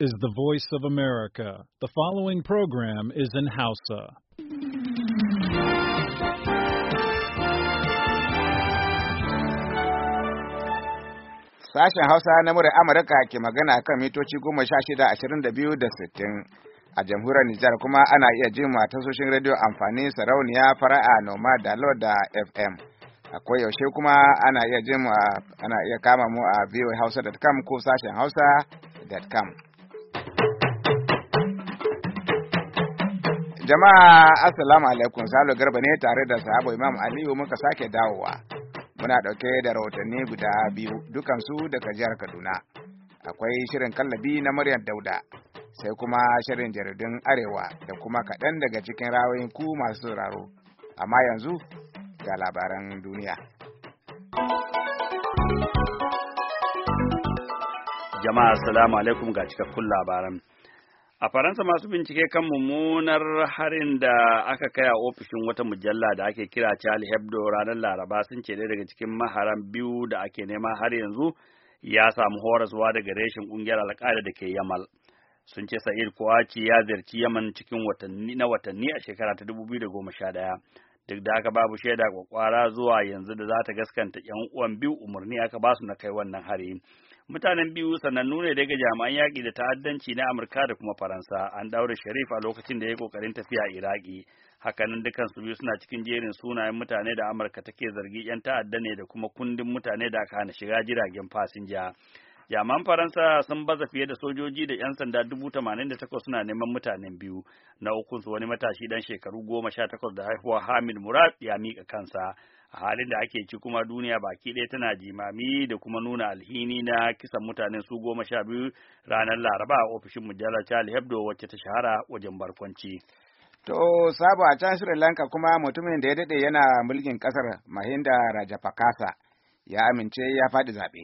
is the voice of America. The following program is in Hausa. Sashen Hausa na murar Amurka ke magana kan mitoci goma sha shida ashirin da biyu da sittin. A jamhuriyar Nijar kuma ana iya jin tasoshin rediyo amfani sarauniya fara'a noma da da FM. Akwai yaushe kuma ana iya jin ana iya kama mu a voahausa.com ko sashen hausa.com. Jama'a Assalamu alaikum Salo Garba ne tare da sahabo Imam Aliyu muka sake dawowa. Muna dauke da rahotanni guda biyu dukansu daga jihar Kaduna. Akwai shirin kallabi na muryar Dauda, sai kuma shirin jaridun Arewa da kuma kaɗan daga cikin rawayin ku masu sauraro. Amma yanzu ga labaran duniya. Jama'a Assalamu alaikum ga cikakkun labaran. A Faransa masu bincike kan mummunar harin da aka kai a ofishin wata mujalla da ake kira Charlie Hebdo ranar Laraba sun ce ɗaya daga cikin maharan biyu da ake nema har yanzu ya samu horaswa daga reshen ƙungiyar alƙada da ke Yamal. Sun ce Sa'id Kowaci ya ziyarci Yaman cikin watanni na watanni a shekara ta 2011. Duk da haka babu shaida kwakwara zuwa yanzu da za ta gaskanta 'yan uwan biyu umarni aka basu na kai wannan hari. mutanen biyu sanannu ne daga jami'an yaƙi da ta'addanci na amurka da kuma faransa an daure sharif a lokacin da ya kokarin tafiya iraki hakanan dukan su biyu suna cikin jerin sunayen mutane da amurka take zargi yan ta'adda ne da kuma kundin mutane da aka hana shiga jiragen fasinja jami'an faransa sun baza fiye da sojoji da 'yan sanda dubu tamanin da takwas suna neman mutanen biyu na su wani matashi dan shekaru goma sha takwas da haihuwa hamid murad ya miƙa kansa a halin da ake ci kuma duniya baki ɗaya tana jimami da kuma nuna alhini na kisan mutanen su goma sha biyu ranar laraba a ofishin Mujalla charlie hebdo wacce ta shahara wajen barkwanci to sabo a can sri lanka kuma mutumin da ya daɗe yana mulkin ƙasar mahinda rajapakasa ya amince ya faɗi zaɓe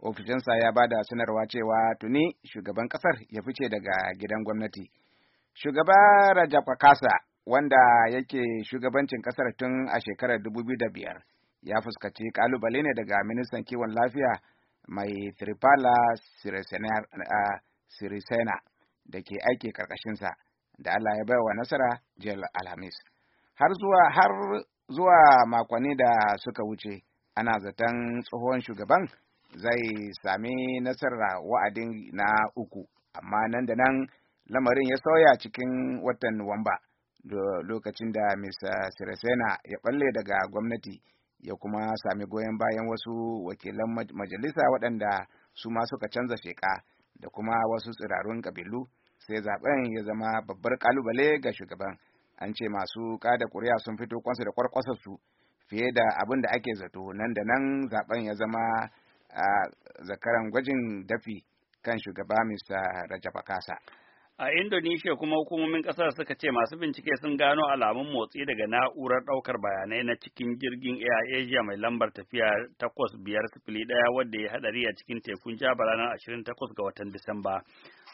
ofishinsa ya ba da sanarwa cewa tuni shugaban ƙasar ya fice daga gidan gwamnati shugaba rajapakasa wanda yake shugabancin kasar tun a shekarar dubu biyu da biyar, ya fuskaci kalubale ne daga ministan kiwon lafiya mai Tripala Sirisena da ke aiki karkashinsa da Allah ya baiwa nasara jiyar Alhamis. Har zuwa har zuwa makonni da suka wuce ana zaton tsohon shugaban zai sami nasara wa'adin na uku amma nan da nan lamarin ya sauya cikin watan Nuwamba. lokacin da Mr. Ah, siresena ya balle daga gwamnati ya kuma sami goyon bayan wasu wakilan majalisa waɗanda su ma suka canza sheƙa da kuma wasu tsirarun ƙabilu sai zaben ya zama babbar ƙalubale ga shugaban an ce masu kada ƙuri'a sun fito kwansu da kwarkwasarsu fiye da abin da ake zato nan da nan zaben ya zama a ah, zakaran gwajin dafi kan shugaba Mr. Ah, Rajapakasa. A Indonesia kuma hukumomin ƙasar suka ce masu bincike sun gano alamun motsi daga na'urar ɗaukar bayanai na cikin jirgin Air Asia mai lambar tafiya takwas biyar sifili ɗaya wadda ya haɗari a cikin tekun Jaba ranar ashirin takwas ga watan Disamba.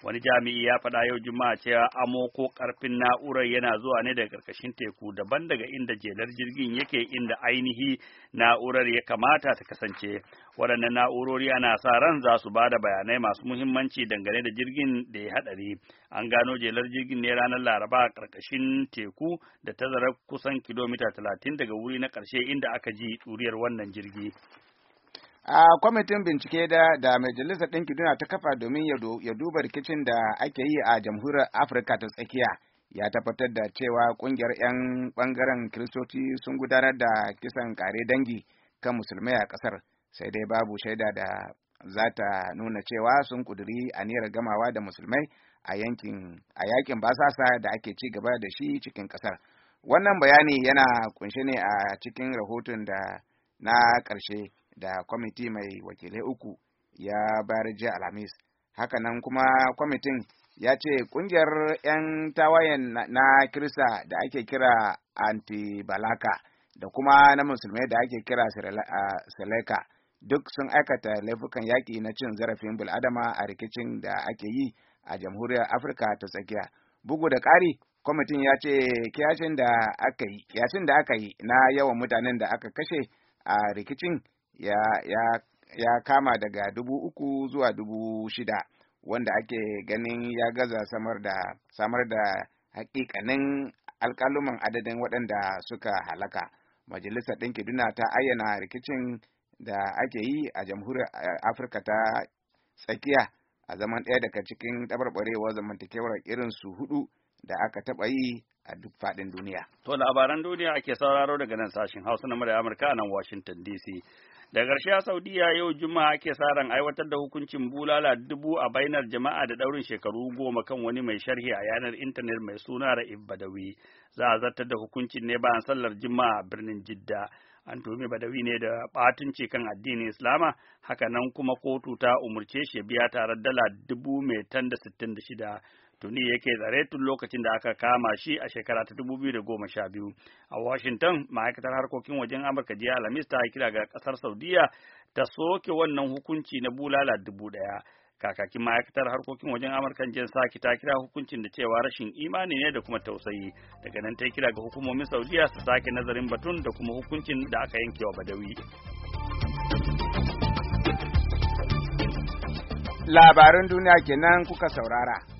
wani jami'i ya faɗa yau juma'a cewa amo ko karfin na'urar yana zuwa ne daga karkashin teku daban daga inda jelar jirgin yake inda ainihi na'urar ya kamata ta kasance waɗannan na'urori ana sa ran za su ba da bayanai masu muhimmanci dangane da jirgin da ya haɗari an gano jelar jirgin ne ranar laraba a karkashin teku da tazarar kusan kilomita talatin daga wuri na ƙarshe inda aka ji ɗuriyar wannan jirgi a kwamitin bincike da da majalisar ɗinki Duna ta kafa domin ya duba rikicin da ake yi a jamhuriyar afirka ta tsakiya ya tabbatar da cewa ƙungiyar 'yan ɓangaren kiristoci sun gudanar da kisan kare dangi kan musulmai a ƙasar sai dai babu shaida da za ta nuna cewa sun ƙuduri aniyar gamawa da musulmai a yankin a yakin basasa da ake ci gaba da shi cikin ƙasar wannan bayani yana kunshe ne a cikin rahoton da na ƙarshe da kwamiti mai wakilai uku ya bayar jiya alhamis hakanan kuma kwamitin ya ce kungiyar 'yan tawayen na kirista da ake kira antibalaka da kuma na musulmai da ake kira seleka duk sun aikata laifukan yaƙi na cin zarafin bil'adama a rikicin da ake yi a jamhuriyar afirka ta tsakiya bugu da ƙari kwamitin ya ce kiyashin da aka yi na yawan mutanen da aka kashe a rikicin ya, ya, ya kama daga dubu uku zuwa dubu shida wanda ake ganin ya gaza samar da samar da hakikanin alkaluman adadin waɗanda suka halaka majalisar ɗinki duna ta ayyana rikicin da ake yi a jamhuriyar eh, afirka ta tsakiya a zaman ɗaya daga cikin ɗabarɓarewar zamantakewar irin su hudu da aka taɓa yi a duk faɗin duniya. To labaran duniya ake sauraro daga nan sashen Hausa na murya Amurka nan Washington DC. Da ƙarshe a Saudiya yau Juma'a ake sa ran aiwatar da hukuncin bulala dubu a bainar jama'a da ɗaurin shekaru goma kan wani mai sharhi a yanar intanet mai suna Ra'ib Badawi. Za a zartar da hukuncin ne bayan sallar Juma'a a birnin Jidda. An tuhumi Badawi ne da ɓatunci kan addinin Islama, haka nan kuma kotu ta umurce shi biya tare dala dubu mai tan da sittin da shida. tuni yake tsare tun lokacin da aka kama shi a shekara ta dubu biyu sha biyu a washington ma'aikatar harkokin wajen amurka jiya alhamis ta kira ga kasar saudiya ta soke wannan hukunci na bulala dubu ɗaya kakakin ma'aikatar harkokin wajen amurka jin saki ta kira hukuncin da cewa rashin imani ne da kuma tausayi daga nan ta kira ga hukumomin saudiya su sake nazarin batun da kuma hukuncin da aka yankewa badawi labaran duniya kenan kuka saurara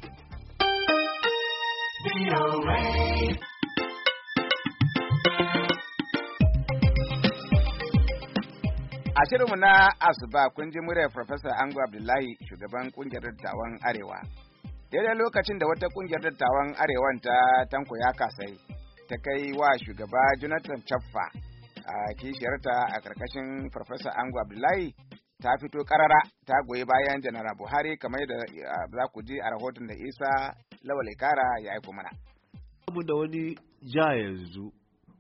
A shirinmu na Asuba kun ji muryar Farfesa Ango Abdullahi shugaban kungiyar dattawan Arewa. Daidai lokacin da wata kungiyar dattawan Arewan ta tanko ya kasai ta kai wa shugaba Jonathan Chaffa a kishiyarta a karkashin Farfesa Ango Abdullahi ta fito karara ta goyi bayan janara buhari kamar da za ku ji a rahoton da isa lawale kara ya aiko mana mu da wani ja yanzu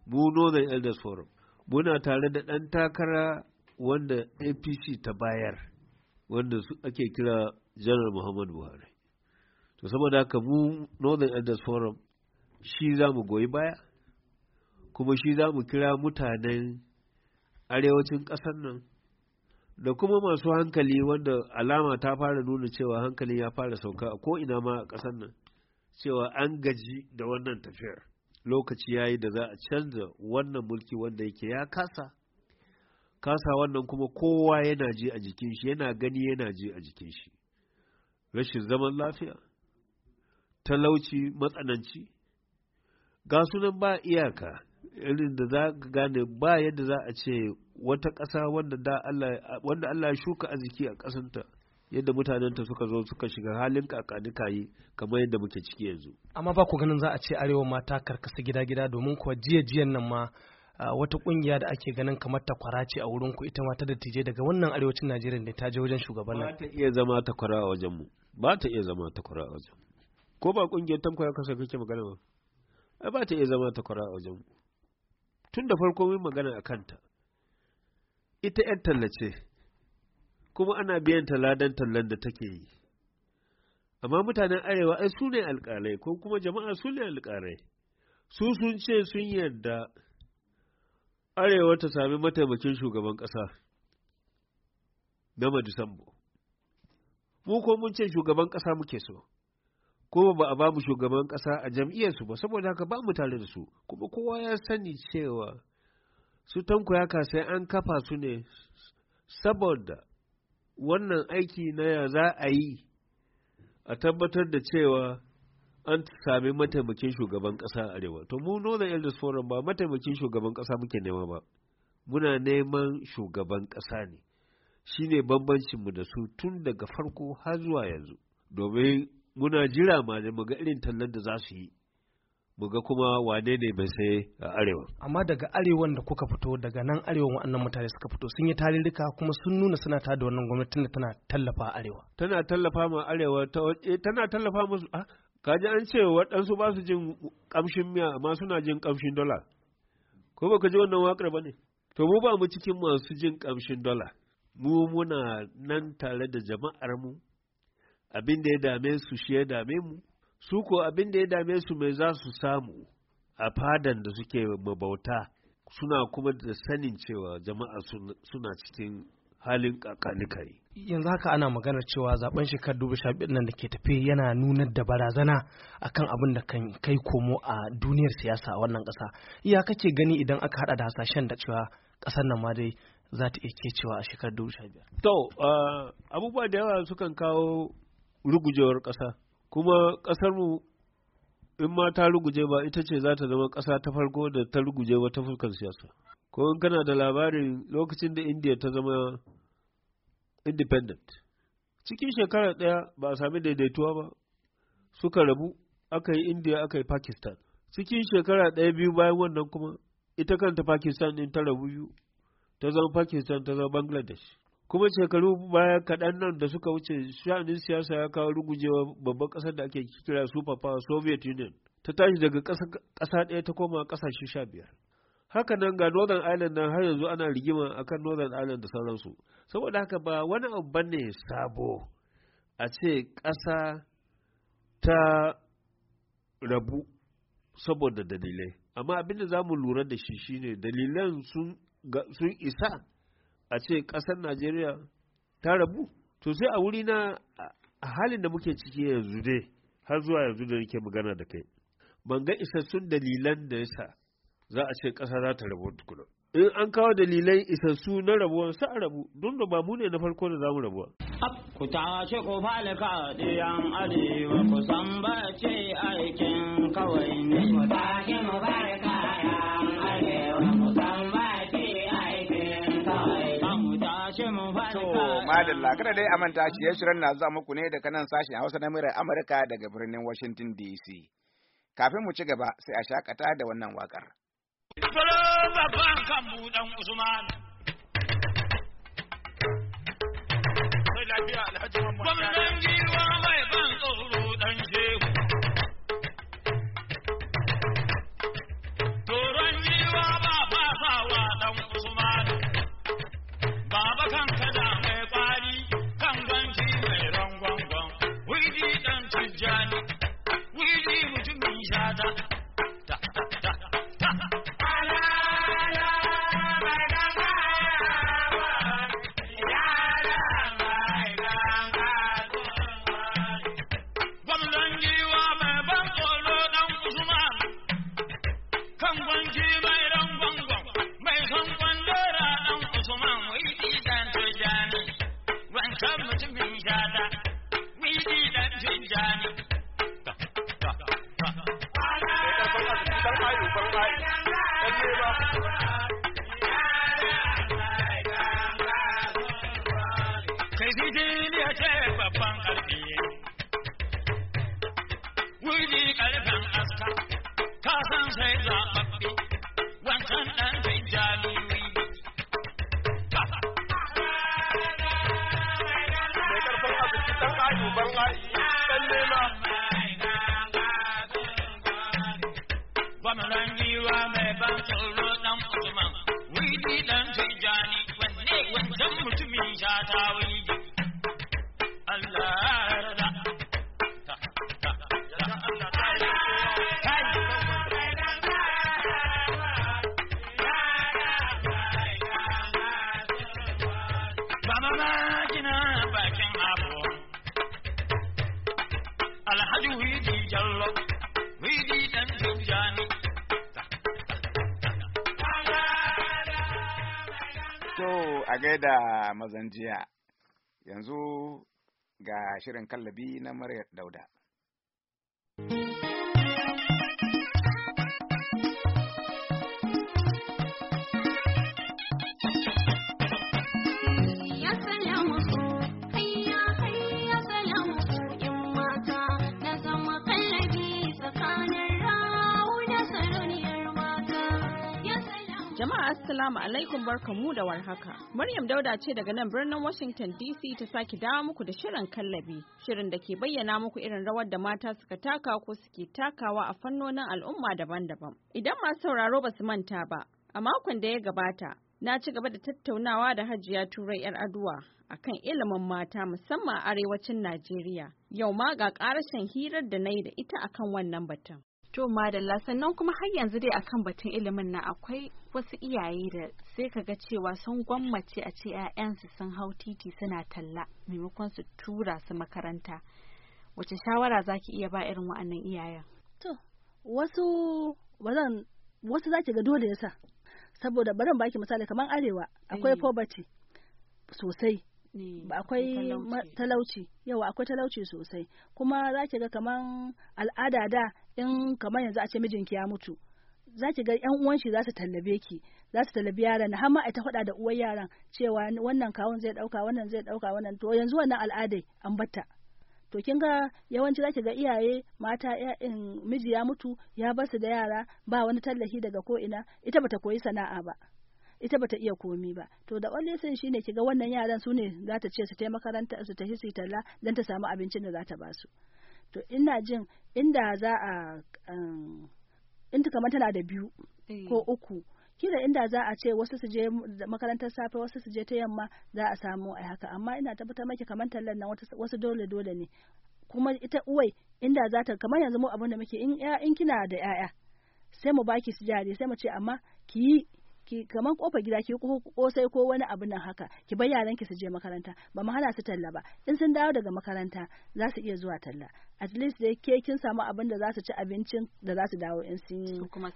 mu northern elders forum muna tare da ɗan takara wanda apc ta bayar wanda su ake kira janar muhammadu buhari to saboda haka mu northern elders forum shi za mu goyi baya kuma shi za mu kira mutanen arewacin ƙasar nan da kuma masu hankali wanda alama ta fara nuna cewa hankali ya fara sauka a ko'ina ma a ƙasar nan cewa an gaji da wannan tafiyar lokaci ya yi da za a canza wannan mulki wanda yake ya kasa kasa wannan kuma kowa yana ji a jikin shi yana gani yana ji a jikin shi rashin zaman lafiya talauci matsananci ga sunan ba iyaka irin da za ka gane ba yadda za a ce wata ƙasa wanda Allah ya shuka a jiki a ƙasanta yadda mutanenta suka zo suka shiga halin kakanuka yi kamar yadda muke ciki yanzu amma ba ku ganin za a ce arewa ma ta karkasa gida-gida domin kuwa jiya-jiyan nan ma wata kungiya da ake ganin kamar ta kwara ce a wurin ku ita ma ta dattijai daga wannan arewacin najeriya ne ta je wajen shugaban ba ta iya zama ta kwara a wajen mu ba ta iya zama ta kwara a wajen ko ba kungiyar tamko ya kasa kake magana ba ba ta iya zama ta kwara a wajen mu tun da farko mun magana a kanta ita 'yan tallace kuma ana biyan ta ladan tallan da take yi amma mutanen arewa ai su ne alƙalai ko kuma jama'a su ne alƙalai su sun ce sun yarda arewa ta sami mataimakin shugaban ƙasa na madisambo mu ko mun ce shugaban ƙasa muke so ko ba a ba mu shugaban ƙasa a jam'iyyarsu ba saboda haka ba mu tare da su kuma kowa ya sani cewa su tanko sai an kafa su ne saboda wannan aiki na ya za a yi a tabbatar da cewa an sami mataimakin shugaban ƙasa a arewa to mu northern elders forum ba mataimakin shugaban ƙasa muke nema ba muna neman shugaban ƙasa ne shi ne bambancinmu da su tun daga farko har zuwa yanzu domin muna jira ma da muga irin tallan da za su yi ga kuma wane ne bai sai a arewa amma daga arewan da kuka fito daga nan arewan waɗannan mutane suka fito sun yi tarirrika kuma sun nuna suna tada wannan gwamnati da tana tallafa arewa tana tallafa ma arewa eh, tana tallafa musu ah, kaji an ce waɗansu ba su jin kamshin miya amma suna jin kamshin dola ko ba ka ji wannan waƙar ba ne to mu ba mu cikin masu jin kamshin dola mu muna nan tare da jama'ar mu abin da ya dame su shi ya dame mu su ko abin da ya dame su mai za su samu a fadan da suke mabauta suna kuma da sanin cewa jama'a suna cikin halin kakanikari. yanzu haka ana maganar cewa zaben shekarar dubu sha nan da ke tafi yana nunar da barazana akan abin da kan kai komo a duniyar siyasa a wannan kasa iya kake gani idan aka hada da hasashen da cewa kasar nan ma dai za ta iya cewa a shekarar dubu sha biyar. to ah, abubuwa da yawa sukan kawo rugujewar kasa kuma ƙasarmu in ma ta ruguje ba ita ce za ta zama ƙasa ta farko da ta ruguje ba ta fuskar siyasa ko in kana da labarin lokacin da indiya ta zama independent cikin shekara ɗaya ba a sami daidaituwa ba suka rabu aka yi indiya aka yi pakistan cikin shekara ɗaya biyu bayan wannan kuma ita kanta pakistan ɗin ta rabu biyu ta zama pakistan ta zama bangladesh kuma shekaru baya kaɗan nan da suka wuce sha'anin siyasa ya kawo rugujewa babban ƙasar da ake kira super power soviet union ta tashi daga ƙasa ɗaya ta koma ƙasashe sha biyar haka nan ga northern island nan har yanzu ana rigima akan northern island da sauransu saboda haka ba wani abu ne sabo a ce ƙasa ta rabu saboda dalilai amma abin da za mu lura da shi shine dalilan sun isa a ce ƙasar najeriya ta rabu to sai a wuri na a halin da muke ciki yanzu dai har zuwa yanzu da nake magana da kai ban ga isassun dalilan da yasa za a ce ƙasa za ta rabu tukuna in an kawo dalilan isassu na rabuwan sa a rabu don da ba mu ne na farko da zamu rabuwa ku ta ce ku falika diyan arewa ku san ba ce Madalla, kada dai a manta shirye-shiryen na za muku ne daga nan sashen Hausa na murar Amurka daga birnin Washington DC. Kafin mu ci gaba sai a shakata da wannan wakar. dan tijani wanne wancan mutumin shatawe yanzu ga shirin kallabi na murya dauda Jama'a Assalamu alaikum mu da warhaka. Maryam Dauda ce daga nan birnin Washington DC ta sake dawo muku da shirin kallabi, shirin da ke bayyana muku irin rawar da mata suka taka ko suke takawa a fannonin al'umma daban-daban. Idan masu sauraro ba su manta ba, a makon da ya gabata, na ci gaba da tattaunawa da Hajiya Turai 'yar Aduwa akan ilimin mata musamman a arewacin Najeriya. Yau ma ga ƙarashin hirar da na yi da ita akan wannan batun. To madalla sannan kuma har yanzu dai akan batun ilimin na akwai wasu iyaye da sai kaga cewa sun gwammace a ce 'ya'yansu sun hau titi suna talla maimakon su tura su makaranta wace shawara zaki iya ba irin wa'annan iyayen to wasu bazan wasu ki ga dole yasa saboda barin baki misali kamar arewa akwai eh. poverty sosai eh, akwai talauci yau akwai talauci sosai kuma za ki ga kaman al'ada da in kamar yanzu a ce mijinki ya mutu za ki ga yan uwan shi za su tallabe ki za su tallabi yaran har ma ta faɗa da uwar yaran cewa wannan kawun zai ɗauka wannan zai ɗauka wannan to yanzu wannan al'adai an batta to kin ga yawanci za ki ga iyaye mata ƴaƴan miji ya mutu ya bar su da yara ba wani tallafi daga ko ina ita bata koyi sana'a ba ita bata iya komi ba to da only sai shine kiga wannan yaran su ne za ta ce su taimaka makaranta su ta su talla dan ta samu abincin da za ta ba to ina jin inda za a um, ta kamar tana da biyu eh. ko uku kila inda za a ce wasu su je makarantar safe wasu su je ta yamma za a samu a haka amma ina tabbatar maki kamar tallan nan wasu dole dole ne kuma ita uwai inda za ta kamar yanzu mu abin da muke in in kina da yaya sai mu baki su jari sai mu ce amma ki yi ki kamar kofa gida ki kosai ko wani abu nan haka ki bar yaran ki su je makaranta ba mu hana su talla ba in sun dawo daga makaranta za su iya zuwa talla at least dai ke kin samu abin da za su ci abincin da za su dawo in sun su kuma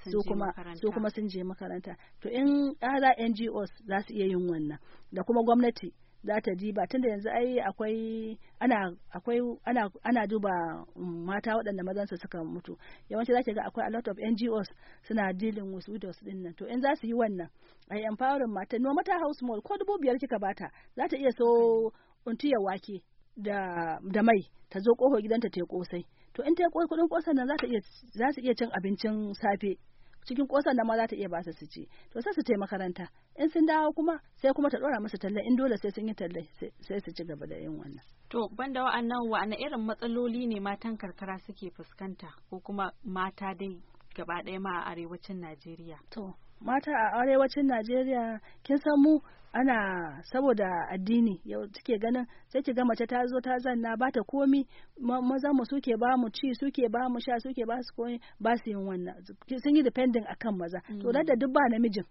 su kuma sun je makaranta to in ƙara NGOs za su iya yin wannan da kuma gwamnati za ta ji tun tunda yanzu ai akwai ana akwai ana ana duba um, mata waɗanda su suka mutu yawanci za ki ga akwai a lot of NGOs suna dealing with widows din nan to in za su yi wannan ai empowering mata no mata house mall ko dubu biyar kika bata za ta iya so untiya wake da da mai ta zo kofar gidanta ta kosai to in ta yi kudin kosan nan za ta iya za su iya cin abincin safe cikin kosan da ma za ta iya ba su su ci to sai su tai makaranta in sun dawo kuma sai kuma ta dora musu talle in dole sai sun yi talle sai su ci gaba da yin wannan to banda wa'annan wa'ana irin matsaloli ne matan karkara suke fuskanta ko kuma mata dai gaba ɗaya ma a arewacin Najeriya to mata a arewacin najeriya kin san mu ana saboda addini yau take ganin sai ki ga mace ta zo ta zanna ba ta komi maza mu suke ba mu ci suke ba mu sha suke ba su komi ba su yin wannan sun yi depending akan maza to mm. da duk ba namijin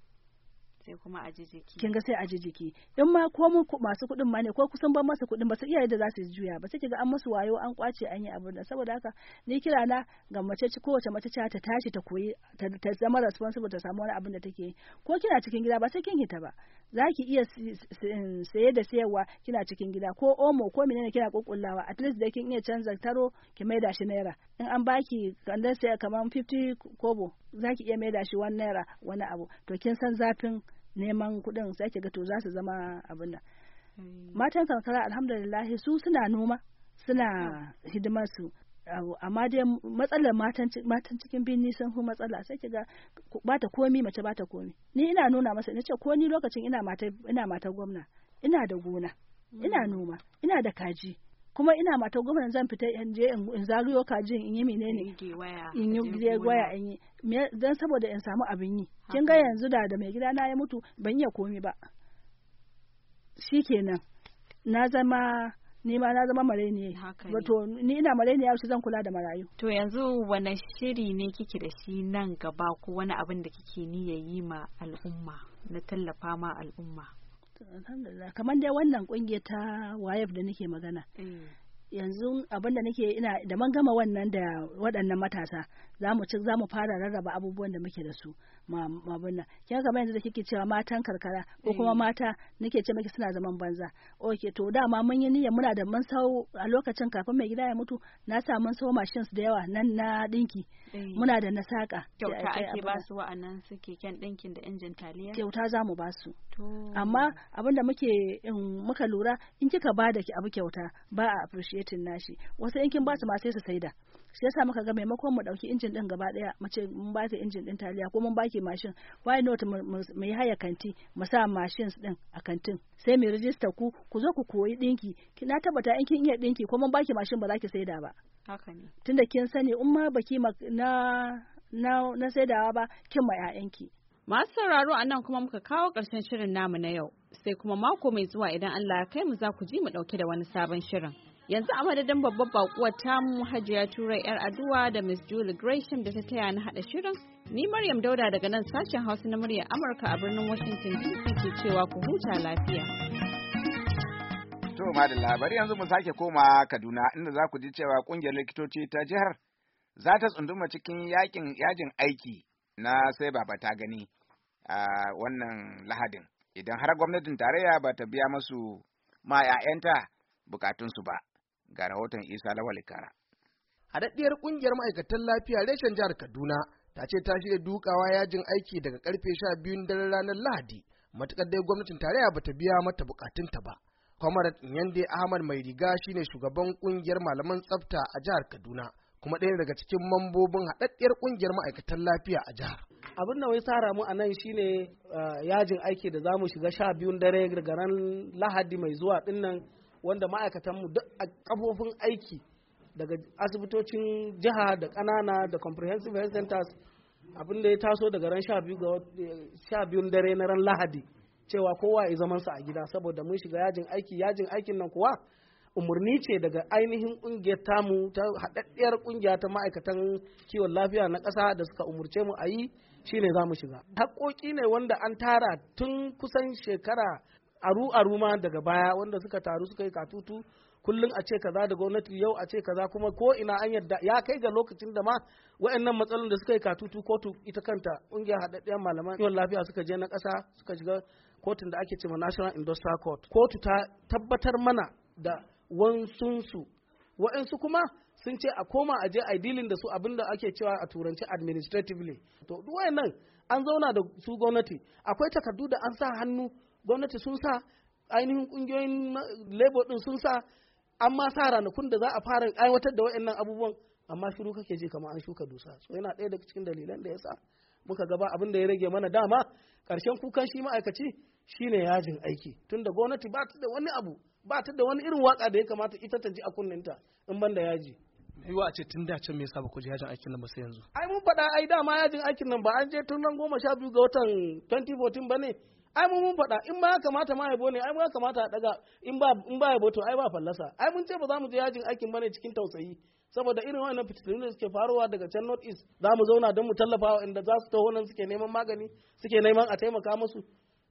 sai kuma kin ga sai a jijiki in ma ko mu masu kuɗin ma ne ko kusan ban masa kuɗin ba su iyaye da za su juya ba sai ga an masu wayo an kwace an yi abin da saboda haka ni kira na ga mace kowace mace ta tashi ta koyi ta zama responsible ta samu wani abin da take ko kina cikin gida ba sai kin hita ba za ki iya saye da sayarwa kina cikin gida ko omo ko menene kina kokullawa at least da kin iya canza taro ki maida shi naira in an baki kandar sai kamar 50 kobo za ki iya maida shi 1 naira wani abu to kin san zafin neman kuɗin sai ki ga to za su zama abin nan hmm. matan kankara alhamdulillah su suna noma suna hidimar su amma dai matsalar matan cikin birni sun fi matsala sai ke ga bata komi mace bata komi ni ina nuna masa ina ce ko ni lokacin ina ina mata gwamna ina da gona ina hmm. noma ina da kaji kuma ina mata gwamna zan fita in je in zagayo kajin in yi menene in yi waya in yi don saboda in samu abin yi kin ga yanzu da da mai gida na ya mutu ban iya komi ba shikenan na zama ni ma na zama mare ne wato ni ina mare ne yaushe zan kula da marayu to yanzu wani shiri ne kike da shi nan gaba ko wani abin da kike niyya yi ma al'umma na tallafa ma al'umma alhamdulillah kamar dai wannan kungiyar ta wayef da nake magana mm. yanzu abin da nake ina da man gama wannan da waɗannan matasa za mu ci za mu fara rarraba abubuwan da muke da su ma abin kin ga yanzu da kike cewa matan karkara ko kuma eh. mata nake ce miki suna zaman banza okay to dama mun yi niyyar muna da mun sau a lokacin kafin mai gida ya mutu na sa mun sau machines da yawa nan na dinki eh. muna da na saka kyauta ake ba su wa'annan su keken dinkin da injin taliya kyauta za mu ba su amma abin da muke muka lura in kika ba da abu kyauta ba a appreciate updating nashi wasu in kin ba su ma sai su saida shi yasa muka ga maimakon mu dauki injin din gaba daya mu ce mun ba injin din taliya ko mun ki mashin why not mu yi haya kanti mu sa machines din a kantin sai mu rijista ku ku zo ku koyi dinki na tabbata in kin iya dinki ko mun ki mashin ba za ki saida ba haka ne tunda kin sani in ma baki na na na saidawa ba kin ma 'ya'yanki Masu sauraro a nan kuma muka kawo ƙarshen shirin namu na yau, sai kuma mako mai zuwa idan Allah ya kai mu za ku ji mu ɗauke da wani sabon shirin. yanzu a madadin babbar bakuwar tamu hajiya turai yar aduwa da miss julie gresham da ta taya na hada shirin ni maryam dauda daga nan sashen hausa na muryar amurka a birnin washington dc ke cewa ku huta lafiya to madalla bari yanzu mu sake koma kaduna inda za ku ji cewa kungiyar likitoci ta jihar za ta tsunduma cikin yakin yajin aiki na sai ba ta gani a wannan lahadin idan har gwamnatin tarayya ba ta biya masu ma 'ya'yanta bukatunsu ba ga rahoton isa lawal kara haɗaɗɗiyar ƙungiyar ma'aikatan lafiya reshen jihar kaduna ta ce ta shirya dukawa yajin aiki daga karfe sha biyun daren ranar lahadi matuƙar dai gwamnatin tarayya ba ta biya mata ta ba kwamarat nyande ahmad mai riga shine shugaban ƙungiyar malaman tsafta a jihar kaduna kuma ɗaya daga cikin mambobin haɗaɗɗiyar ƙungiyar ma'aikatan lafiya a jihar abin da wai tsara mu a nan shine eh, yajin aiki da za mu shiga sha biyun dare daga ran lahadi mai zuwa ɗinnan. wanda ma'aikatanmu duk a kafofin aiki daga asibitocin jiha da ƙanana da comprehensive health centers abin ya taso daga ran sha biyun dare na ran lahadi cewa kowa ya zaman sa a gida saboda mun shiga yajin aiki yajin aikin nan kuwa umarni ce daga ainihin kungiyar tamu ta haɗaɗɗiyar kungiya ta ma'aikatan kiwon lafiya na ƙasa da suka umarce mu a yi shine za mu shiga haƙoƙi ne wanda an tara tun kusan shekara aru aru ma daga baya wanda suka taru suka yi katutu kullum a ce kaza da gwamnati yau a ce kaza kuma ko ina an yadda ya kai ga lokacin da ma wayannan matsalolin da suka yi katutu kotu ita kanta ƙungiyar haɗaɗɗiyar malaman kiwon lafiya suka je na ƙasa suka shiga kotun da ake cewa National Industrial Court kotu ta tabbatar mana da wansunsu wa'ansu kuma sun ce a koma a je dilin da su abinda ake cewa a turanci administratively to duk wayannan an zauna da su gwamnati akwai takardu da an sa hannu gwamnati sun sa ainihin kungiyoyin labor din sun sa an ma sa ranakun da za a fara aiwatar da waɗannan abubuwan amma shiru kake ji kamar an shuka dusa so yana ɗaya daga cikin dalilan da ya sa muka gaba abin da ya rage mana dama ƙarshen kukan shi ma'aikaci shine yajin aiki tunda gwamnati ba ta da wani abu ba ta da wani irin waka da ya kamata ita ta ji a kunninta in ban da yaji yiwa a ce tun da can me yasa ba ku ji yajin aikin nan ba sai yanzu ai mun faɗa ai dama yajin aikin nan ba an je tun nan goma sha biyu ga watan 2014 ba ne ai mun mun faɗa in ba ya kamata ma yabo ne ai ba kamata a daga in ba in ba yabo to ai ba fallasa ai mun ce ba za mu je yajin aikin bane cikin tausayi saboda irin wannan fitilun da suke faruwa daga can north east za mu zauna don mu tallafa wa inda za su taho nan suke neman magani suke neman a taimaka musu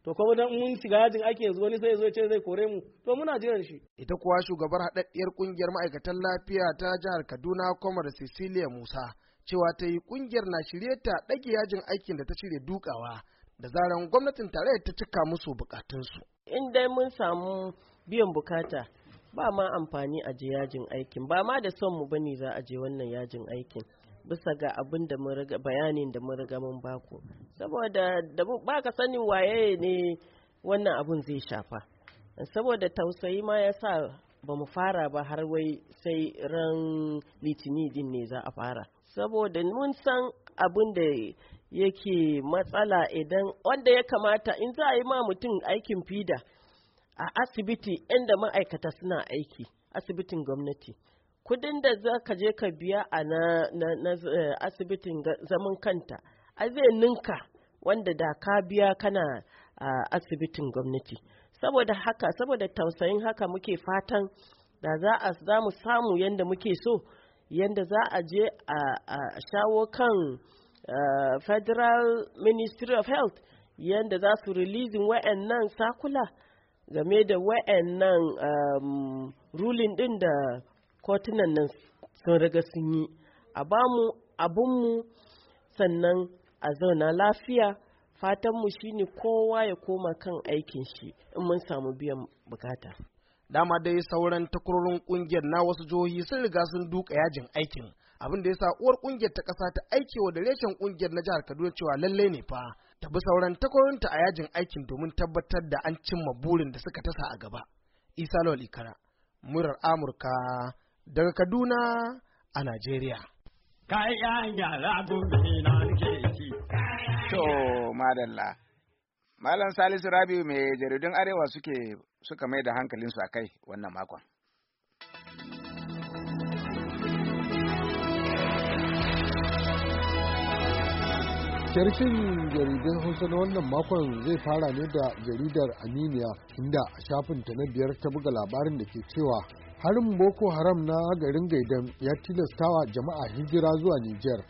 to kuma dan mun shiga yajin aiki yanzu wani sai ya zo ya ce zai kore mu to muna jiran shi ita kuwa shugabar haɗaɗɗiyar kungiyar ma'aikatan lafiya ta jihar Kaduna Comrade Cecilia Musa cewa ta yi kungiyar na shirye ta ɗage yajin aikin da ta shirya dukawa da zaran gwamnatin tarayyar ta cika musu bukatunsu. In dai mun samu biyan bukata ba ma amfani a je yajin aikin ba ma da son mu bane za a je wannan yajin aikin bisa ga abin da mun riga bayanin da mun riga mun bako saboda da ba ka sanin waye ne wannan abun zai shafa saboda tausayi ma ya sa ba mu fara ba har wai sai ran litini din ne za a fara saboda mun san abin da yake matsala idan wanda ya kamata in za a yi ma mutum aikin fida a asibiti inda ma'aikata suna aiki asibitin gwamnati kudin da za ka je ka biya a na, eh, asibitin zaman kanta a zai ninka wanda da ka biya kana a uh, asibitin gwamnati saboda haka saboda tausayin haka muke fatan da za a za mu samu yadda muke so yadda za a je a shawo kan Eh, federal ministry of health yadda za su releasing wa'annan sakula game da wa'annan um, ruling din da kotunan nan sun riga sun yi a bamu abinmu sannan a zauna lafiya fatanmu shine kowa ya koma kan aikin shi in mun samu biyan bukata dama dai sauran takwarorin kungiyar na wasu jihohi sun riga sun duka yajin aikin abin da ya sa uwar kungiyar ta kasa ta wa da reshen kungiyar na jihar Kaduna cewa lalle ne fa ta bi sauran takwarorinta a yajin aikin domin tabbatar da an cimma burin da suka tasa a gaba. Isa Lawal Ikara, murar Amurka daga Kaduna a Najeriya. Kayan gobe na ke ci. To, madalla. Malam Salisu Rabi mai jaridun Arewa suke suka mai da hankalinsu a kai wannan makon. Sarkin jaridun Hausa na wannan makon zai fara ne da jaridar Aminiya inda a ta na biyar ta buga labarin da ke cewa harin Boko Haram na garin Gaidan ya tilastawa jama'a hijira zuwa Nijar.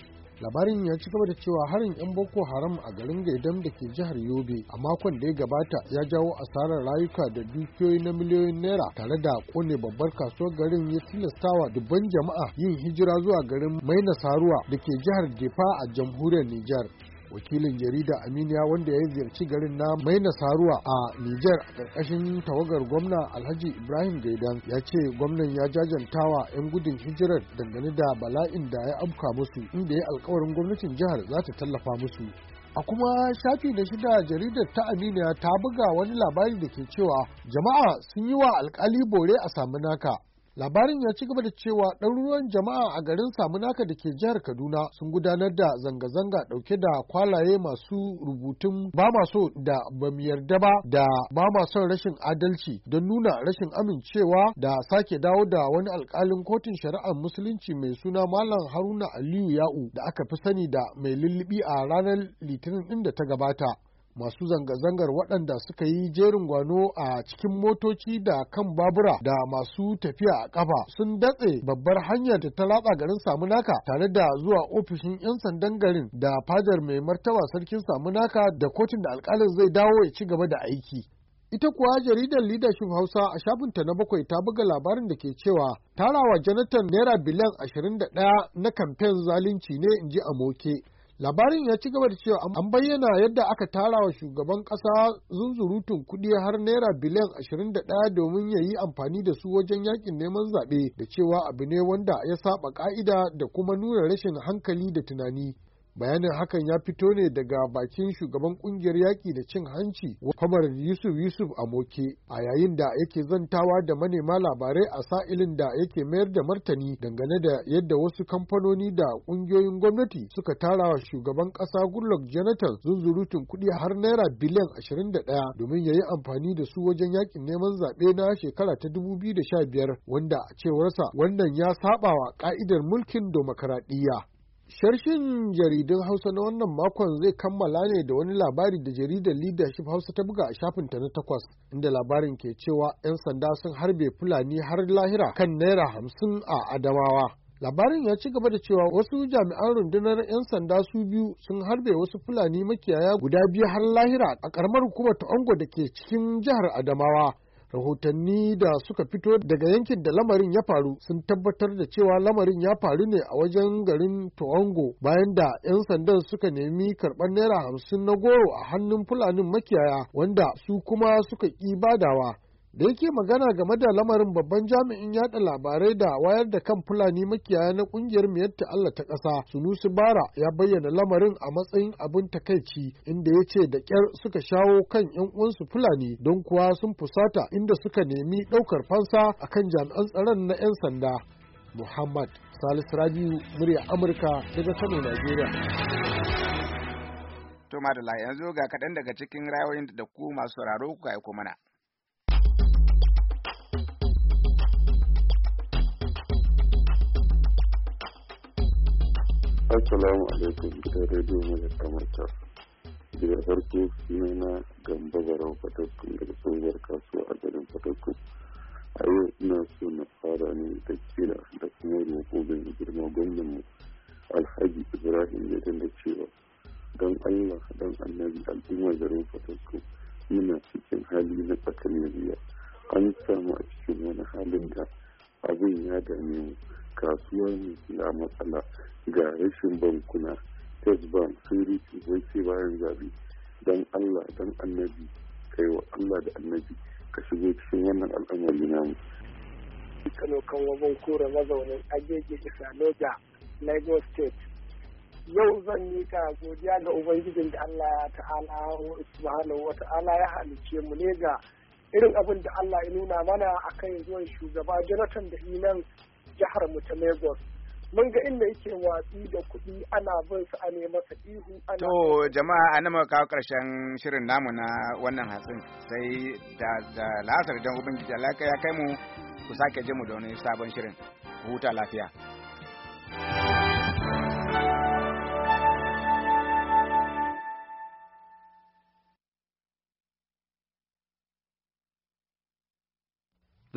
Labarin ya ci gaba da cewa harin 'yan Boko Haram a garin Gaidan da ke jihar Yobe a makon da ya gabata ya jawo asarar rayuka da dukiyoyi na miliyoyin naira tare da kone babbar kasuwar garin ya tilastawa dubban jama'a yin hijira zuwa garin mai nasaruwa da ke jihar defa a jamhuriyar Nijar. wakilin jarida aminiya wanda ya yi ziyarci garin na maina saruwa a niger a ƙarƙashin tawagar gwamna alhaji ibrahim gaidan ya ce gwamnan ya jajantawa 'yan gudun hijirar dangane da bala'in da ya amka musu inda ya alkawarin gwamnatin jihar za ta tallafa musu a kuma shafi na shida jaridar ta aminiya ta buga wani labari da ke cewa jama'a sun yi wa alkali bore a samu naka labarin ya ci gaba da cewa ɗaruruwan jama'a a garin samunaka da ke jihar kaduna sun gudanar da zanga-zanga ɗauke da kwalaye masu rubutun ba so da ba mu yarda ba da ba maso rashin adalci don nuna rashin amincewa da sake dawo da wani alkalin kotun shari'ar musulunci mai suna malam haruna aliyu ya'u da aka fi sani da mai lullubi a ranar litinin ɗin da ta gabata masu zanga-zangar waɗanda suka yi jerin gwano a cikin motoci da kan babura da masu tafiya a ƙafa sun datse babbar hanyar da ta latsa garin samunaka tare da zuwa ofishin 'yan sandan garin da fadar mai martaba sarkin samunaka da kotun da alƙalin zai dawo ya ci gaba da aiki Ita kuwa jaridar Leadership Hausa a shafinta na bakwai ta buga labarin da ke cewa tarawa Jonathan Naira biliyan 21 na kamfen zalunci ne in ji Amoke. labarin ya ci gaba da cewa an bayyana yadda aka tara wa shugaban kasa zunzurutun kuɗi har naira biliyan 21 domin ya yi amfani da su wajen yakin neman zaɓe da cewa abu ne wanda ya saba ka'ida da kuma nuna rashin hankali da tunani bayanin hakan ya fito ne daga bakin shugaban kungiyar yaƙi da cin hanci kamar yusuf yusuf amoke a yayin da yake zantawa da manema labarai a sa'ilin da yake mayar da martani dangane da yadda wasu kamfanoni da ƙungiyoyin gwamnati suka tara wa shugaban ƙasa goodluck jonathan zunzurutun kuɗi har naira biliyan 21 domin ya yi amfani da su wajen yaƙin neman zaɓe na shekara ta 2015 wanda a cewarsa wannan ya saɓa wa ƙa'idar mulkin domakaraɗiyya Sharshin jaridun Hausa na wannan makon zai kammala ne da wani labari da jaridar Leadership Hausa ta buga a shafin ta na takwas, inda labarin ke cewa 'yan sanda sun harbe Fulani har lahira kan Naira hamsin a Adamawa. Labarin ya ci gaba da cewa wasu jami'an rundunar 'yan sanda su biyu sun harbe wasu Fulani makiyaya guda biyu har lahira a ƙaramar hukumar ta Ongo da ke cikin jihar Adamawa. rahotanni da suka fito daga yankin da lamarin ya faru sun tabbatar da cewa lamarin ya faru ne a wajen garin toango bayan da 'yan sandan suka nemi karɓar naira hamsin na goro a hannun fulanin makiyaya wanda su kuma suka ƙi badawa da yake magana game da lamarin babban jami'in yada labarai da wayar da kan fulani makiyaya na kungiyar miyatta Allah ta ƙasa sunusi bara ya bayyana lamarin a matsayin abin takaici inda ya ce da ƙyar suka shawo kan yan uwansu fulani don kuwa sun fusata inda suka nemi ɗaukar fansa akan jami'an tsaron na 'yan sanda muhammad salisu rabiu murya amurka daga kano najeriya To Madala yanzu ga kaɗan daga cikin rayoyin da ku masu sauraro ku mana. Assalamu alaikum gidan rediyo mai kamata. Daga farko suna na gamba barau fatattun daga ga ubangijin da Allah ta'ala subhanahu wa ta'ala ya halicce mu ne ga irin abin da Allah ya nuna mana akan zuwan shugaba Jonathan da inan jihar mu ta Lagos mun ga inda yake watsi da kuɗi ana bin su a masa ihu ana to jama'a a nama kawo karshen shirin namu na wannan hatsin sai da da lasar dan ubangiji Allah ya kai mu ku sake je mu da wani sabon shirin huta lafiya